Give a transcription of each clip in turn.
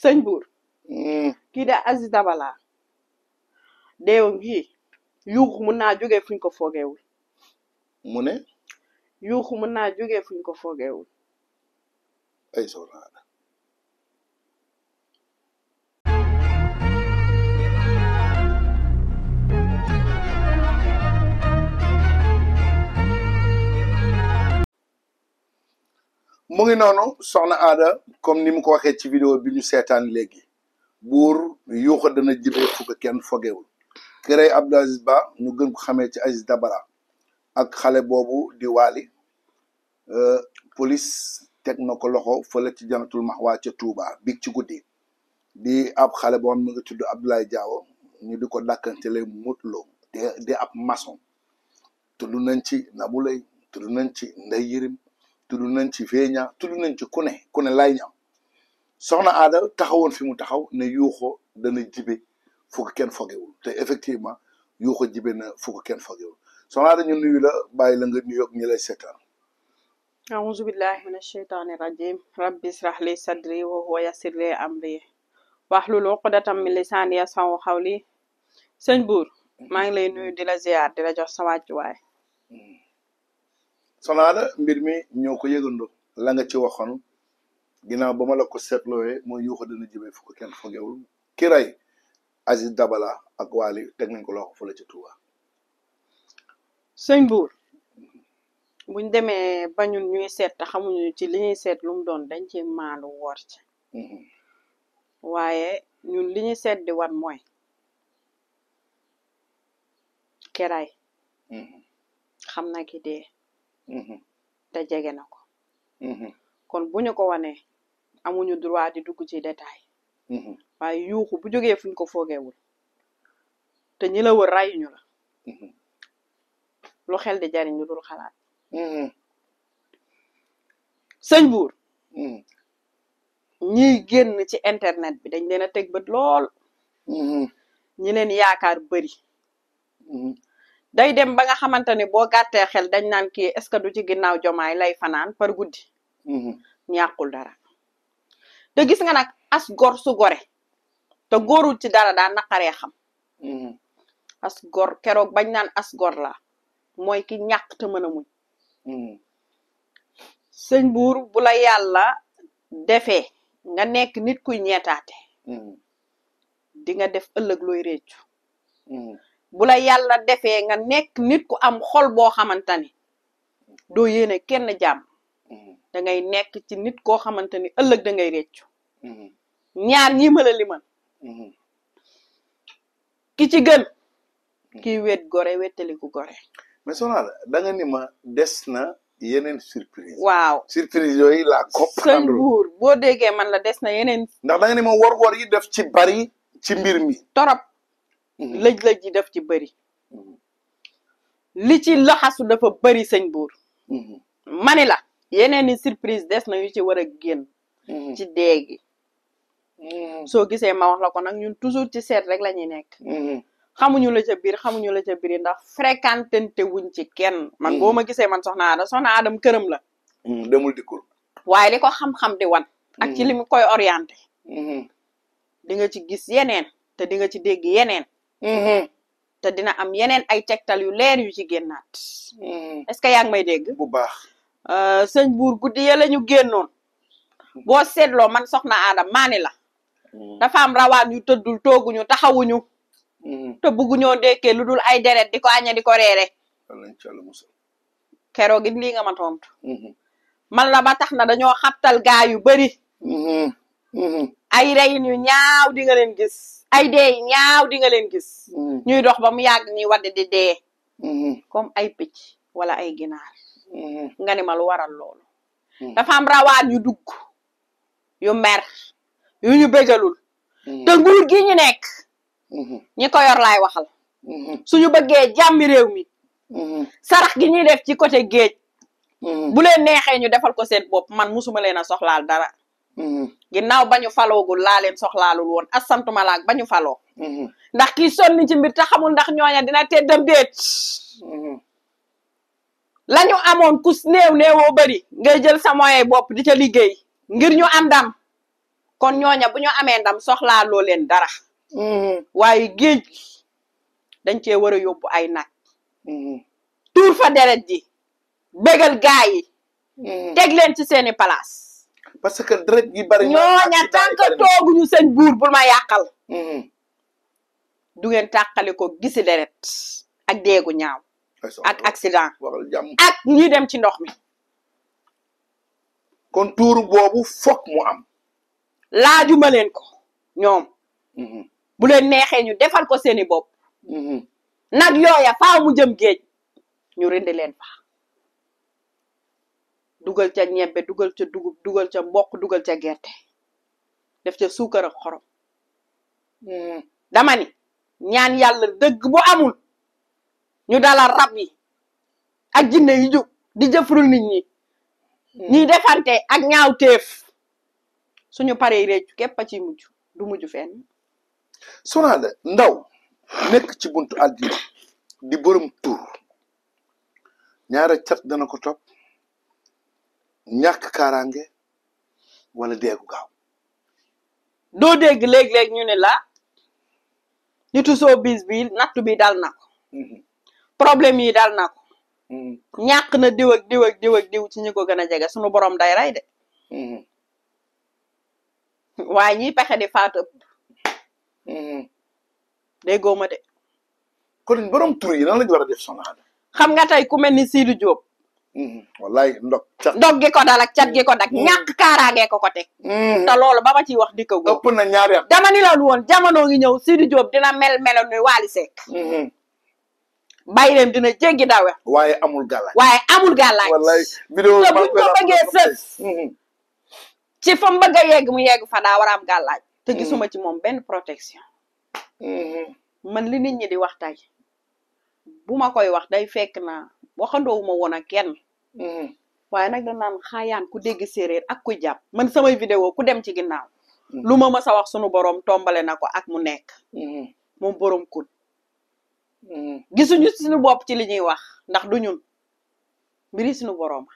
sëñ buur mm. kii de Aziz Dabala deewam gii yuux mun naa jógee fuñ ko foogeewul mu ne yuux mun naa jógee fuñ ko foogeewul ay mu ngi noonu soxna aada comme ni mu ko waxee ci vidéo bi ñu seetaan léegi buur yuuxa dana jibee fukk kenn fogewul kërey Abdou Aziz Ba ñu gën ko xamee ci Aziz Dabara ak xale boobu di waali euh, police teg na ko loxo fële ci janatul maxwaa ca Touba biig ci guddi di ab xale boo xam ne nga tudd Abdoulaye Diawo ñu di ko dàkkantele mutlo di ab maçon tudd nañ ci Nabou Leye tudd nañ ci Ndeye Yirim tudd nañ ci feeña tudd nañ ci ku ne lay ñam soxna aada taxawoon fi mu taxaw ne yuuxoo dana jibe fu ko kenn te effectivement yuuxoo jibe na fu ko kenn fogewul soxna aada ñu nuyu la bàyyi la nga nuyoog ñi lay seetaan a billahi min asheytaani rajim rabbi israh li sadri wa huwa yassir li amri waxlul uqdatam buur mm-hmm. maa ngi lay nuyu di la ziar di la jox sa wàccuwaay mm-hmm. sonaada mbir mi ñoo ko yëgandoo langa nga ci waxoon ginnaaw ba ma la ko seetlooyee mooy yuuxu dana jëmee fu ko kenn fogeewul ki rey Aziz Dabala ak Waly teg nañ ko loxo fële ca Touba. buur buñ demee ba ñun ñuy seet te xamuñu ci li seet lum doon dañ ci maandu woor ci mm-hmm. waaye ñun li seet di wan mooy ki rey mm-hmm. xam na Mm-hmm. te jege na ko mm-hmm. kon bu ñu ko wanee amuñu droit di dugg ci détail mm-hmm. waaye yuuxu bu jógee fuñ ko foogeewul te ñi la wo rayuñu la lu xel di jariñ lu dul xalaat sëñ buur ñiy génn ci internet bi dañ leen a teg bët lool ñi leen yaakaar bëri day dem ba nga xamante ne boo gàttee xel dañ naan kii est ce que du ci ginnaaw jomaay lay fanaan par guddi. ñàkkul mm-hmm. dara. te gis nga nag as gor su gore te góorul ci dara daa naqaree xam. Mm-hmm. as gor keroog bañ naan as gor la mooy ki ñàkk te mën a muñ. Mm-hmm. sëñ buur bu la yàlla defee nga nekk nit kuy ñeetaate. di nga def ëllëg looy réccu. bu la yàlla defee nga nekk nit ku am xol boo xamante ni doo yéene kenn jàmm mm-hmm. dangay nekk ci nit koo xamante ni ëllëg da ngay réccu mm-hmm. ñaar ñi ma la mm-hmm. ki ci gën ki wet gore wettaliku gore mais soxna la da ma des na yeneen surprise waaw surprise yooyu laa comprendre sëñ buur boo déggee man la des na yeneen ndax da nga ni ma yi def ci bari ci mbir mi torop Mm-hmm. lëj-lëj yi def ci bëri li ci laxasu dafa bëri sëñ buur mm-hmm. mani la yeneen i surprise des na yu ci war a génn mm-hmm. ci deegi soo gisee ma wax la ko nag ñun toujours ci seet rek la ñuy nekk xamuñu la ca biir xamuñu la ca biir ndax fréquenté wuñ ci kenn man boo ma gisee man soxna Ada soxna Adam këram la demul dikkul waaye li ko xam-xam di wan ak ci li koy orienté dinga ci gis yeneen te dinga ci dégg yeneen te dina am yeneen ay tegtal yu leer yu ci génnaat. est-ce que yaa may dégg. bu baax. Euh, sëñ buur guddi ya la ñu génnoon. boo seetloo man soxna Adam maa la. Hmm. dafa am rawaan yu tëddul tooguñu taxawuñu. Hmm. te bugguñoo dékkee lu dul ay deret di ko aña di ko reere. keroog it lii nga ma tontu. Hmm. man la ba tax na dañoo xabtal gaa yu bari. ay reyin yu ñaaw di leen gis. ay dee ñaaw di nga leen gis. Mm-hmm. ñuy dox ba mu yàgg ñuy wadde di dee. Mm-hmm. comme ay picc wala ay ginaar. Mm-hmm. nga ne waral loolu. dafa am rawaan ñu dugg yu mer yu ñu bégalul. te nguur gi ñu nekk. ñi ko yor waxal. suñu bëggee jàmmi réew mi. sarax gi ñuy def ci côté géej. bu leen neexee ñu defal ko seen bopp man musuma leen a soxlaal dara. Mm-hmm. ginnaaw ba ñu faloogul laa leen soxlaalul woon asantuma laak ba ñu faloo mm-hmm. ndax kii sonni ci mbir te xamul ndax ñooña dina teddam déet mm-hmm. la ñu amoon ku néew néewoo bëri ngay jël sa moyen bopp di ca liggéey ngir ñu am ndam kon ñooña bu ñu amee ndam soxlaaloo leen dara waaye géej dañ cee war a yóbbu ay nag tuur fa deret ji bégal gaa yi teg leen ci seeni place parce que dërët gi bari ñooña tànk tooguñu seen buur bul ma yàqal mm-hmm. du ngeen tàqale ko gisi deret ak deegu ñaaw ak accident ak ñi dem ci ndox mi kon tuuru boobu fook mu am laajuma leen ko ñoom mm-hmm. bu leen neexee ñu defal ko seeni bopp mm-hmm. nag yooya faaw mu jëm géej rindi leen fa dugal ca ñebbe dugal ca dugub dugal ca mboq dugal ca gerte def ca suukar a xorom hmm. dama ñaan yàlla dëgg bu amul ñu dala rab yi ak yi jóg di jëfrul nit ñi hmm. ñiy defante ak ñaaw téef suñu paree réccu képp a ciy mujj du mujj fenn Sonaada ndaw nekk ci buntu àddina di borom tuur ñaara cat dana ko topp ñàkk kaaraange wala deegu gaaw doo dégg léeg-léeg ñu ne la nitu soo bis bi nattu bi dal na ko mhm. problème yi dal na ko mhm. na diw ak diw ak diw ak diw ci ñi ko gën a jege suñu borom day rey de mhm. waaye ñiy pexe di faat ëpp déggoo ma de kon borom tur yi nan lañu war a def soxna xam nga tey ku mel ni Sidou Diop Mm-hmm. wallaay ndog ndog gi ko dal cat gi ko dak mm-hmm. ñàkk kaaraangee ko ko teg mm-hmm. te loolu ba ma ciy wax dikka ëpp na ñaari at dama ni loolu woon jamono ngi ñëw Sidi Diop dina mel melo ni Waly Seck bàyyi dina jéggi dawe waaye amul gàllaaj waaye amul gàllaaj ko bëggee sës ci fa mu a yegg mu yegg fa daa war te gisuma ci moom benn protection man li nit ñi di wax tey koy wax day fekk na waxandoowu woon ak kenn Mm-hmm. waaye nag dañ naan xaayaan ku dégg séeréer ak ku jàpp man samay vidéo ku dem ci ginnaaw mm-hmm. lu ma mës a wax sunu borom tombale na ko ak mu nekk mm-hmm. moom borom kun gisuñu sunu bopp ci li ñuy wax ndax du ñun mbiri suñu borom.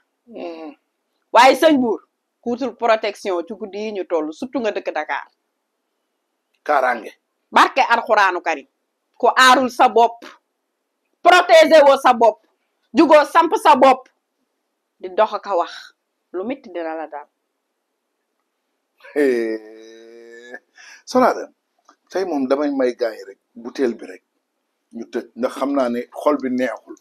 waaye sëñ buur kuutul protection ci guddi yi ñu toll surtout nga dëkk Dakar kaaraange barke alxuraanu kari ko aarul sa bopp protéger woo sa bopp jugoo samp sa bopp di dox ak wax lu métti dina la daal. Eh, Soxna tey moom damay may gaay rek butéel bi rek ñu tëj ndax xam naa ne xol bi neexul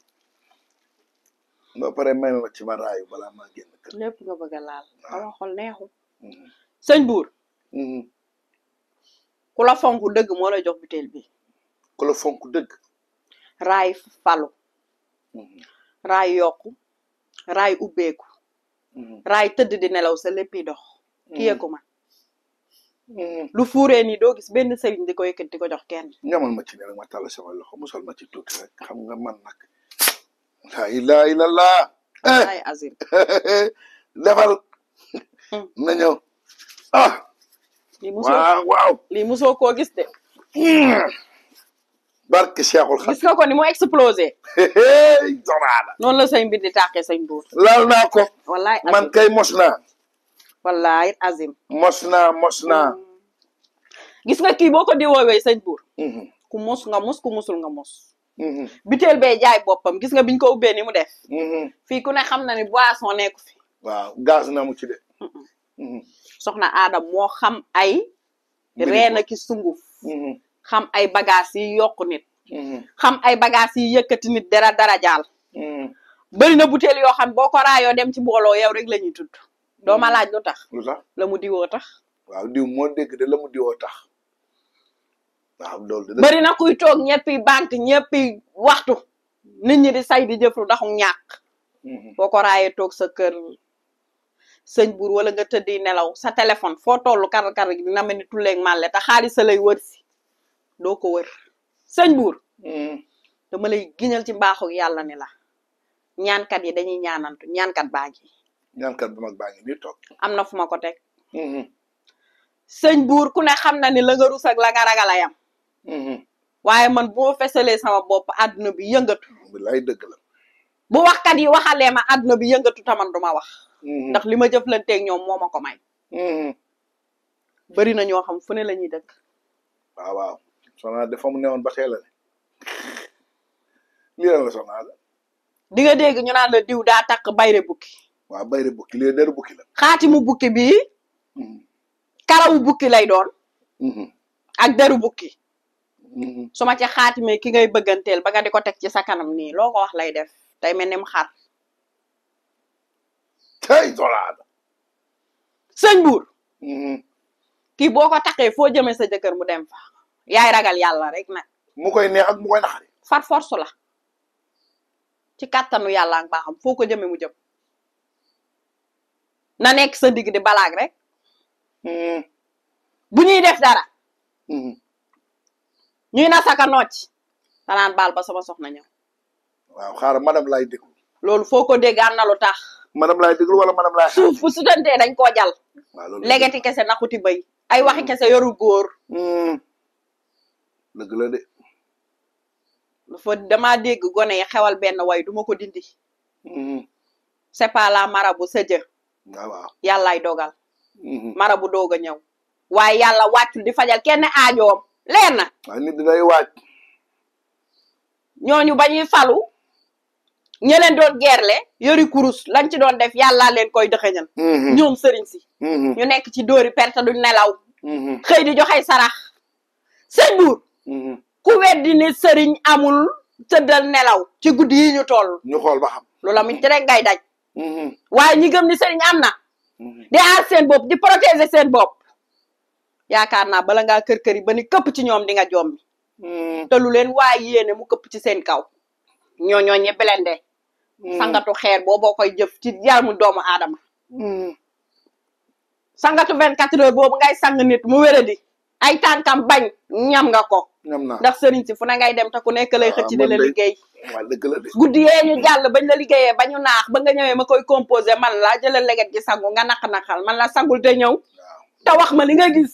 ba pare may ma ci ma raayu balaa maa génn kër. lépp a laal. Ah. xol neexul. Mm-hmm. sëñ buur. Mm-hmm. ku la fonk dëgg moo la jox butéel bi. ku la fonk dëgg. raay falu. Mm-hmm. raay yokku. raay ubbeeku mm-hmm. raay tëdd di nelaw sa léppi dox kiyee ko man lu fuuree nii doo gis benn sëriñ di koy yëkkati di ko jox kenn ñamal ma ci ne rek ma tàll loxo musal ma ci tuuti rek xam nga man nag laa ilaaha illallah ay azim eh, defal mm. na ñëw ah lii musoo li waaw lii koo gis de mm. barke Cheikhul Khadim gis nga ko ni moo explosé. soxna Ada. noonu la say mbir di taaxee say mbuur. laal naa ko. man kay mos naa. wallaay azim. mos na mos naa. Mm. gis nga kii boo ko di woowee sëñ buur. Mm-hmm. ku mos nga mos ku mosul nga mos. Mm-hmm. biteel bee jaay boppam gis nga biñ ko ubbee ni mu def. Mm-hmm. fii ku ne xam na ni boisson nekku fi. waaw gaz na mu ci de. soxna aada moo xam ay. reena ki sunguf. xam ay bagages yi yokku nit. Mm-hmm. xam ay bagages yi yëkkati nit dara dara jaal. Mm-hmm. bëri na butéel yoo xam boo ko raayoo dem ci mbooloo yow rek la ñuy tudd. doo ma mm-hmm. laaj lu tax. lu tax la mu diwoo tax. waaw moo dégg la mu diwoo tax. waaw loolu bëri na kuy toog ñëpp yi banque ñëpp waxtu. nit ñi di say di jëf lu tax ñàkk. boo ko raayee toog sa kër. sëñ buur wala nga tëddi nelaw sa téléphone foo toll kar kar gi dina mel ni tulleeg màlle xaalis sa lay wër doo ko wër sëñ buur eh, dama lay giñal ci mbaaxu yàlla ni la ñaankat yi dañuy ñaanantu ñaankat baa ngi ñaankat bu mag baa toog am na fu ma ko teg mm-hmm. sëñ buur ku ne xam na ni la nga rus ak la nga ragal yam mm-hmm. waaye man boo fesalee sama bopp àdduna bi yëngatu lay dëgg la bu waxkat yi waxalee ma àdduna bi yëngatu taman du ma wax mm-hmm. ndax li ma jëflanteeg ñoom moo ma ko may bëri na ñoo ne la ñuy dëkk soxna dafa mu newoon ba xeelale lii lan la soxna la. di ñu naan la diw daa takk bayre bukki. waaw bayre bukki lii deru bukki la. xaatimu bukki bii. Mm-hmm. karawu bukki lay doon. Mm-hmm. ak deru bukki. Mm-hmm. su ma ca xaatimee ki ngay bëgganteel ba nga di ko teg ci sa kanam nii loo ko wax lay def day mel ni mu xar. tey soxna. sëñ buur. kii boo ko takkee foo jëmee sa jëkkër mu dem fa. yaay ragal yàlla rek nag. mu koy neex ak mu koy naxari. far force la ci kàttanu yàlla ak foo ko jëmee mu jëm na nekk sa digg di balaag rek. Hmm. bu ñuy def dara. Hmm. ñuy na saka nooc tanaan baal ba sama soxna ñëw. waaw xaaral madame laay déglu. loolu foo ko dégg am na lu tax. madame laay déglu wala madame laay. suuf bu sutantee dañ koo jal. waaw loolu legeti kese naxuti bay ay waxi hmm. kese yoru góor. dëgg la de dafa dama dégg gone yi xewal benn way duma ko dindi mm-hmm. c'est pas la marabu sa jë ah, waaw yàllaay dogal mm-hmm. marabu doog a ñëw waaye yàlla wàccul di fajal kenn aajoom leer na waaye nit ba ñuy falu ñe leen doon gerle yori kurus lañ ci doon def yàlla leen koy dëxëñal mm-hmm. ñoom sëriñ si ñu nekk ci dóori perte duñ nelaw xëy di joxe sarax sëñ buur Mhm. ku weddi ni sëriñ amul tëddal nelaw ci guddi yi ñu toll. ñu xool ba xam loola muñ ci rek ngay daj. Mhm. waaye ñi gëm ni sëriñ am na. Mhm. di aar seen bopp di protéger seen bopp. yaakaar naa bala ngaa kër kër yi ba ni këpp ci ñoom di nga jombi. te lu leen waaye yéene mu këpp ci seen kaw. ñooñoo ñi belende sangatu xeer boo boo koy jëf ci yaramu doomu aadama. sangatu vingt quatre heures boobu ngay sang nit mu wéradi. ay tànkam bañ ñam nga ko. ñam naa ndax sëriñ si fu na ngay dem te ku nekk lay xëcc ah, di liggéey. dëgg la guddi yee ñu jàll bañ la liggéeyee bañu naax ba nga ñëwee ma koy composé man laa jëlal leget gi sangu nga naq-naqal man la sangul te ñëw. te wax ma li nga gis.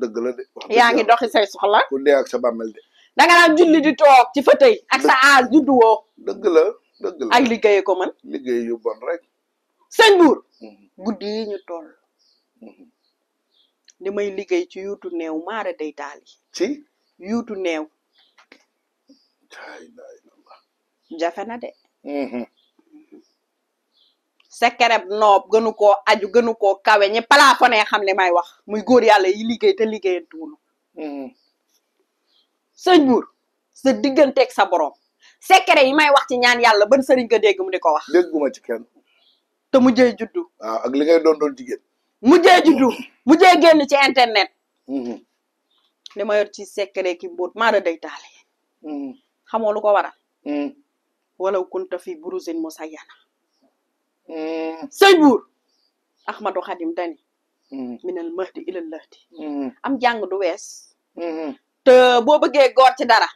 dëgg la de. yaa ngi doxi say soxla. ku dee ak sa bàmmel de. da julli di toog ci fauteuil ak sa aas juddu woo. dëgg la dëgg ak liggéeyee ko man. liggéey yu bon sëñ buur. Mm-hmm. guddi yi ñu tool mm-hmm. may liggéey ci yuutu neew maara day taali ci yuutu neew jafe na de mm-hmm. sekereb noob gënu koo aju gënu koo kawe ñi palaafonee xam ne may wax muy góor yàlla yi liggéey te liggéeyantuwunu mm-hmm. sëñ buur sa digganteeg sa borom secret yi may wax ci ñaan yàlla ban sëriñ ko dégg mu di ko wax dégguma ci kenn te mu jëy juddu waaw ah, ak li ngay doon doon jigéen mujjee juddu mujjee génn ci internet. Mm-hmm. li ma yor ci secret ki mbóot maa da day taale. Mm-hmm. lu ko waral. Mm-hmm. walaw kunta fi burusin musayyana. sëñ buur. Ahmadu Xadim dani. minal mahdi ilal lahdi. am jàng du wees. te boo bëggee góor ci dara.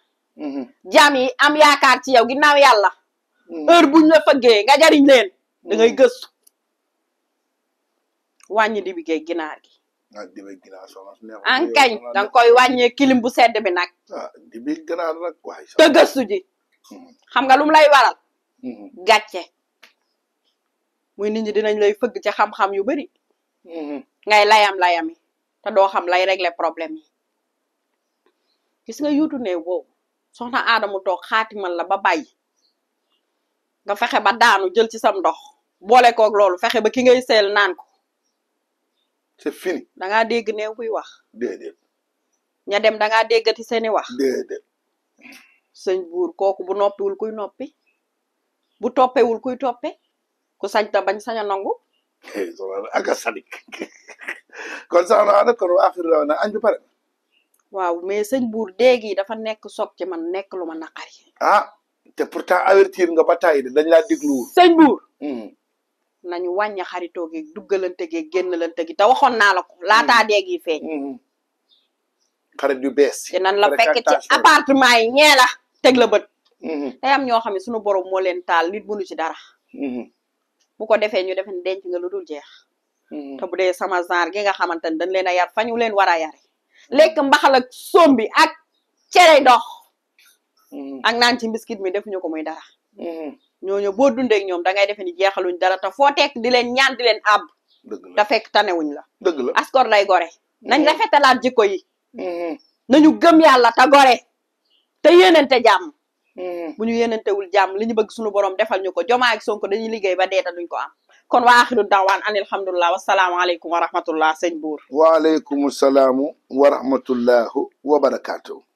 jaam yi am yakar ci yow ginnaaw yàlla. heure buñ la fëggee nga jariñ leen. da wàññi dibi geeg ginaar gi. ah dibi ginaar soxna su neexoon. Ah, koy wàññee kilim bu sedd bi nag. ah dibi ginaar hmm. xam nga lu mu lay waral. Hmm. gàcce. muy nit ñi dinañ lay fëgg ci xam-xam yu bari hmm. ngay layam layami te doo xam lay régler problème yi. gis nga yuutu ne wow soxna Aadamu toog xaatimal la ba bàyyi nga fexe ba daanu jël ci sam ndox boole koog loolu fexe ba ki ngay seel naan c'est fini. da ngaa dégg néew kuy wax. déedéet. ña dem da ngaa déggati seeni wax. déedéet. sëñ buur kooku bu noppiwul kuy noppi bu toppewul kuy toppe ku sañ ta bañ sañ a nangu. Eh, aga sadik kon sax na nag kon waa Afrique na añ bi pare. waaw mais sëñ buur déeg yi dafa nekk soog ci man nekk lu ma naqari. ah te pourtant avertir nga ba tàyyi de dañ laa dégluwul. sëñ nañu wàññi xaritoo geeg duggalante geeg génnalante gi te waxoon naa la ko hmm. laataa deeg yi feeñ hmm. xarit yu bees te nan la fekk ci appartement yi ñee la teg la bët hmm. day am ñoo xam ne suñu borom moo leen taal nit mënu ci dara bu ko defee ñu defe ne denc nga lu dul jeex te bu sama genre gi nga xamante ne dañ leen a yar fa leen war a yare lekk mbaxal ak sombi ak cere dox ak naan ci mbiskit mi defuñu ko muy dara ñooñu boo dundee ak ñoom da ngay defe ni jeexaluñ dara te foo tekk di leen ñaan di leen àbb te fekk tanewuñ la dëgg la askor lay gore nañ mm-hmm. rafetalaat jikko yi mm-hmm. nañu gëm yàlla te gore te yéenante jàmm mm-hmm. bu ñu yéenantewul jàmm li ñu bëgg suñu borom defal ñu ko Jomaay ak Sonko dañuy liggéey ba deeta duñ ko am kon waa axiru dawaan an alhamdulilah wasalaamualeykum wa rahmatullah sëñ buur waaleykum salaamu wa rahmatullahu wa barakaatu